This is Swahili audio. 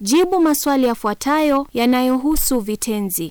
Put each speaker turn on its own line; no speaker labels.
Jibu maswali yafuatayo yanayohusu vitenzi.